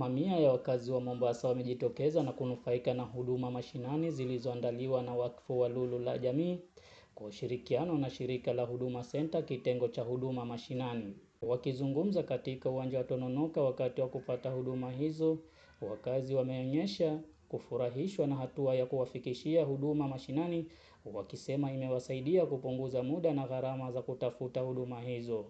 Mamia ya wakazi wa Mombasa wamejitokeza na kunufaika na huduma mashinani zilizoandaliwa na wakfu wa Lulu la Jamii kwa ushirikiano na shirika la Huduma Center kitengo cha huduma mashinani. Wakizungumza katika uwanja wa Tononoka wakati wa kupata huduma hizo, wakazi wameonyesha kufurahishwa na hatua ya kuwafikishia huduma mashinani, wakisema imewasaidia kupunguza muda na gharama za kutafuta huduma hizo.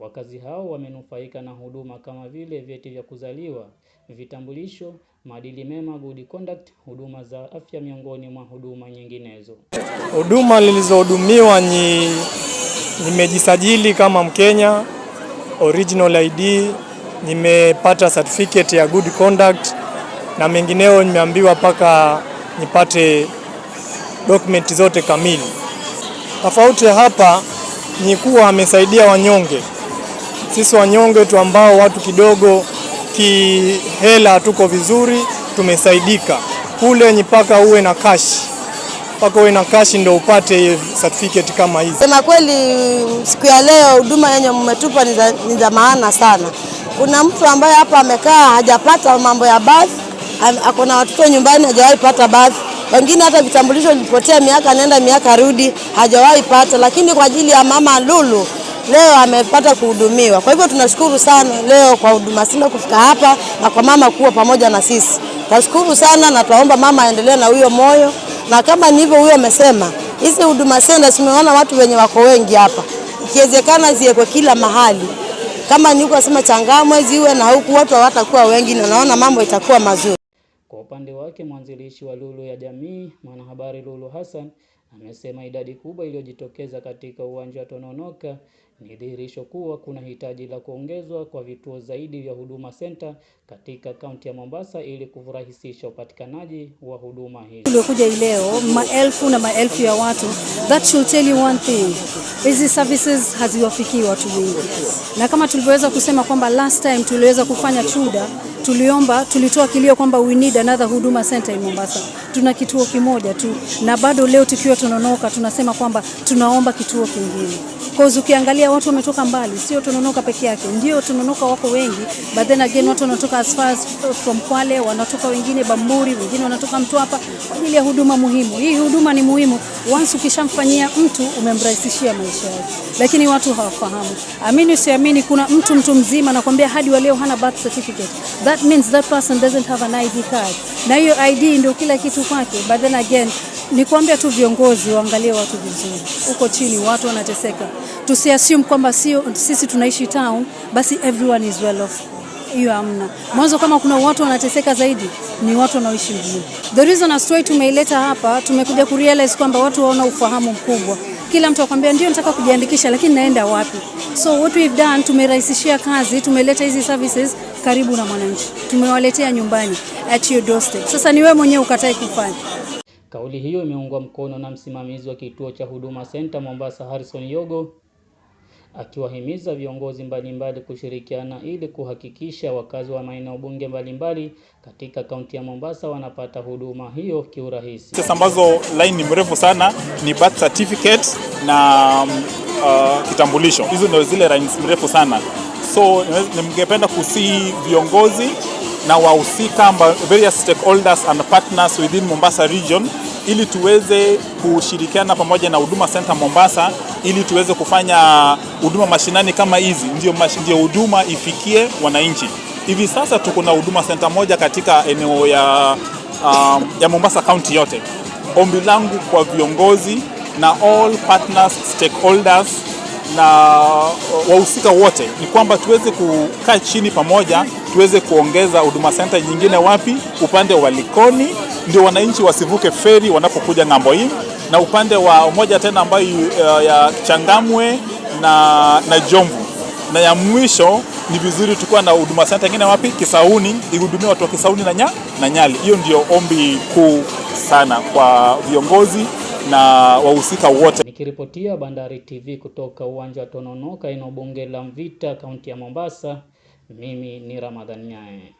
Wakazi hao wamenufaika na huduma kama vile vyeti vya kuzaliwa, vitambulisho, maadili mema, good conduct, huduma za afya miongoni mwa huduma nyinginezo. Huduma nilizohudumiwa ni nimejisajili kama Mkenya, original ID, nimepata certificate ya good conduct na mengineo, nimeambiwa mpaka nipate dokumenti zote kamili. Tofauti hapa ni kuwa amesaidia wanyonge sisi wanyonge tu ambao watu kidogo kihela tuko vizuri, tumesaidika. Kule ni mpaka uwe na kashi, mpaka uwe na kashi ndio upate certificate kama hizi. Sema kweli, siku ya leo huduma yenye mmetupa ni za maana sana. Kuna mtu ambaye hapa amekaa hajapata mambo ya bath, ako na watoto nyumbani, hajawahi pata bath wengine hata vitambulisho vilipotea, miaka nenda miaka rudi, hajawahi pata. Lakini kwa ajili ya mama Lulu leo amepata kuhudumiwa. Kwa hivyo tunashukuru sana leo kwa Huduma Centre kufika hapa na kwa mama kuwa pamoja na sisi, tunashukuru sana na tunaomba mama aendelee na huyo moyo, na kama nilivyo huyo amesema, hizi Huduma senda zimeona watu wenye wako wengi hapa, ikiwezekana ziwekwe kila mahali kama niko asema Changamwe ziwe na huku watu hawatakuwa wengi, na naona mambo itakuwa mazuri. Kwa upande wake mwanzilishi wa Lulu ya Jamii, mwanahabari Lulu Hassan amesema idadi kubwa iliyojitokeza katika uwanja wa Tononoka ni dhihirisho kuwa kuna hitaji la kuongezwa kwa vituo zaidi vya Huduma Center katika kaunti ya Mombasa ili kurahisisha upatikanaji wa huduma hii. Tuliokuja leo maelfu na maelfu ya watu, that should tell you one thing, hizi services haziwafikii watu wengi, na kama tulivyoweza kusema kwamba last time tuliweza kufanya chuda tuliomba, tulitoa kilio kwamba we need another huduma center in Mombasa. Tuna kituo kimoja tu, na bado leo tukiwa tunaonoka tunasema kwamba tunaomba kituo kingine. Cause ukiangalia watu wametoka mbali, sio Tononoka peke yake. Ndio Tononoka wako wengi, but then again watu wanatoka as far as from Kwale, wanatoka wengine Bamburi, wengine wanatoka Mtwapa kwa ajili ya huduma muhimu. Hii huduma ni muhimu, once ukishamfanyia mtu umemrahisishia maisha yake, lakini watu hawafahamu. Amini usiamini, kuna mtu mtu mzima nakwambia hadi wa leo hana birth certificate. That that means that person doesn't have an ID card, na hiyo ID ndio kila kitu kwake. But then again ni kuambia tu viongozi waangalie watu vizuri, huko chini watu wanateseka. Tusiassume kwamba sio sisi tunaishi town basi everyone is well off. Hiyo hamna. Mwanzo kama kuna watu wanateseka zaidi ni watu wanaoishi mjini. The reason as tumeileta hapa, tumekuja kurealize kwamba watu waona ufahamu mkubwa kila mtu akwambia ndio nataka kujiandikisha, lakini naenda wapi? So what we've done, tumerahisishia kazi, tumeleta hizi services karibu na mwananchi, tumewaletea nyumbani at your doorstep. Sasa ni wewe mwenyewe ukatae kufanya. Kauli hiyo imeungwa mkono na msimamizi wa kituo cha Huduma Center Mombasa, Harrison Yogo akiwahimiza viongozi mbalimbali kushirikiana ili kuhakikisha wakazi wa maeneo bunge mbalimbali katika kaunti ya Mombasa wanapata huduma hiyo kiurahisi. Sasa ambazo line ni mrefu sana ni birth certificate na mm, uh, kitambulisho. Hizo ndio zile lines mrefu sana, so ningependa kusihi viongozi na wahusika various stakeholders and partners within Mombasa region ili tuweze kushirikiana pamoja na Huduma Center Mombasa ili tuweze kufanya huduma mashinani kama hizi, ndio huduma ifikie wananchi. Hivi sasa tuko na huduma center moja katika eneo ya, um, ya Mombasa County yote. Ombi langu kwa viongozi na all partners stakeholders na wahusika wote ni kwamba tuweze kukaa chini pamoja, tuweze kuongeza huduma center nyingine wapi, upande wa Likoni ndio wananchi wasivuke feri wanapokuja ng'ambo hii, na upande wa moja tena ambayo uh, ya Changamwe na, na Jomvu na ya mwisho ni vizuri tukuwa na huduma senta ingine wapi Kisauni, ihudumia watu wa Kisauni na, nya, na Nyali. Hiyo ndio ombi kuu sana kwa viongozi na wahusika wote. Nikiripotia Bandari TV kutoka uwanja wa Tononoka, eneo bunge la Mvita, kaunti ya Mombasa, mimi ni Ramadhan Nyae.